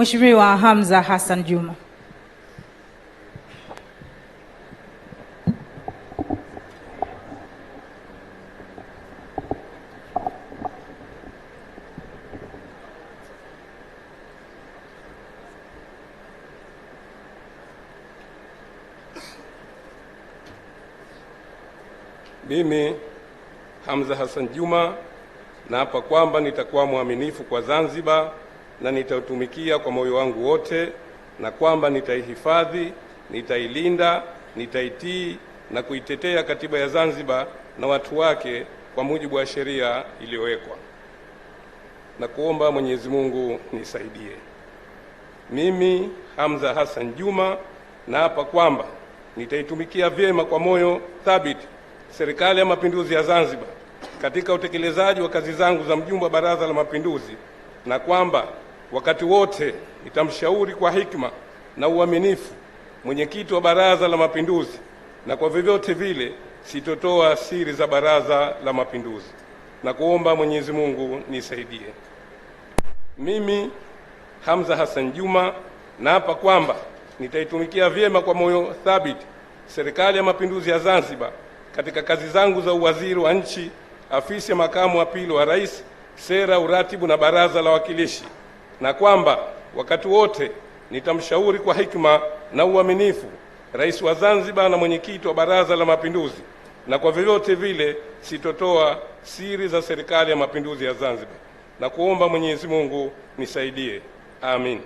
Mheshimiwa Hamza Hassan Juma. Mimi Hamza Hassan Juma naapa kwamba nitakuwa mwaminifu kwa Zanzibar na nitautumikia kwa moyo wangu wote, na kwamba nitaihifadhi, nitailinda, nitaitii na kuitetea katiba ya Zanzibar na watu wake kwa mujibu wa sheria iliyowekwa, na kuomba Mwenyezi Mungu nisaidie. Mimi Hamza Hassan Juma naapa kwamba nitaitumikia vyema kwa moyo thabiti Serikali ya Mapinduzi ya Zanzibar katika utekelezaji wa kazi zangu za mjumbe wa Baraza la Mapinduzi na kwamba wakati wote nitamshauri kwa hikma na uaminifu mwenyekiti wa Baraza la Mapinduzi, na kwa vyovyote vile sitotoa siri za Baraza la Mapinduzi, na kuomba Mwenyezi Mungu nisaidie. Mimi Hamza Hassan Juma naapa kwamba nitaitumikia vyema kwa moyo thabiti Serikali ya Mapinduzi ya Zanzibar katika kazi zangu za uwaziri wa nchi, afisi ya makamu wa pili wa rais, sera, uratibu na Baraza la Wawakilishi na kwamba wakati wote nitamshauri kwa hikma na uaminifu Rais wa Zanzibar na mwenyekiti wa Baraza la Mapinduzi, na kwa vyovyote vile sitotoa siri za Serikali ya Mapinduzi ya Zanzibar, na kuomba Mwenyezi Mungu nisaidie. Amin.